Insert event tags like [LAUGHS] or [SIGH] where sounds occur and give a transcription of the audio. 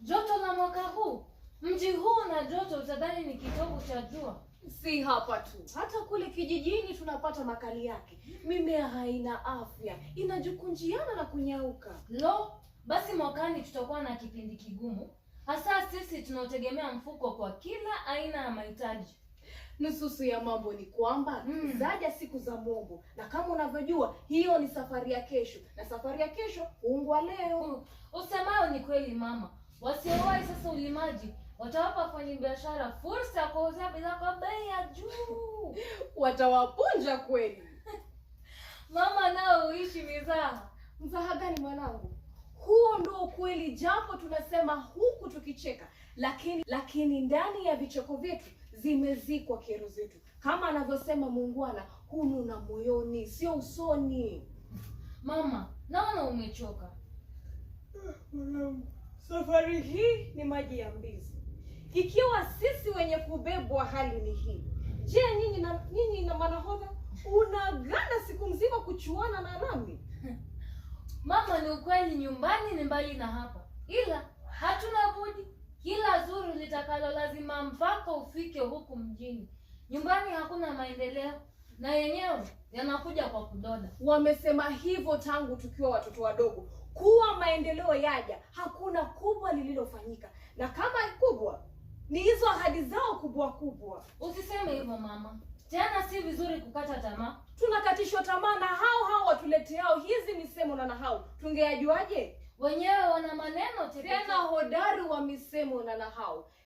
Joto la mwaka huu, mji huu na joto, utadhani ni kitovu cha jua. Si hapa tu, hata kule kijijini tunapata makali yake. Mimea haina afya, inajukunjiana na kunyauka. Lo, basi mwakani tutakuwa na kipindi kigumu, hasa sisi tunaotegemea mfuko kwa kila aina ya mahitaji. Nususu ya mambo ni kwamba mm, zaja siku za Mungu, na kama unavyojua hiyo ni safari ya kesho, na safari ya kesho huungwa leo. Mm, usemayo ni kweli mama wasiowai sasa ulimaji watawapa biashara fursa ya kuwauzia bidhaa kwa bei ya juu. [LAUGHS] Watawapunja kweli. [LAUGHS] Mama nao uishi mizaha. Mzaha gani mwanangu? Huo ndo ukweli, japo tunasema huku tukicheka, lakini lakini ndani ya vicheko vyetu zimezikwa kero zetu, kama anavyosema muungwana, na moyoni, sio usoni. Mama, naona umechoka. Ah, Safari hii ni maji ya mbizi. Ikiwa sisi wenye kubebwa hali ni hii, je, nyinyi na nyinyi na manahodha unaganda siku mzima kuchuana na nami? [LAUGHS] Mama, ni ukweli, nyumbani ni mbali na hapa, ila hatuna budi. Kila zuru litakalo lazima mpaka ufike huku mjini. Nyumbani hakuna maendeleo na yenyewe yanakuja kwa kudoda. Wamesema hivyo tangu tukiwa watoto wadogo kuwa maendeleo yaja, hakuna kubwa lililofanyika, na kama kubwa ni hizo ahadi zao kubwa kubwa. Usiseme hivyo mama, tena si vizuri kukata tamaa. Tunakatishwa tamaa na hao hao watuleteao hizi misemo na nahau. Tungeyajuaje? Wenyewe wana maneno tena hodari wa misemo na nahau.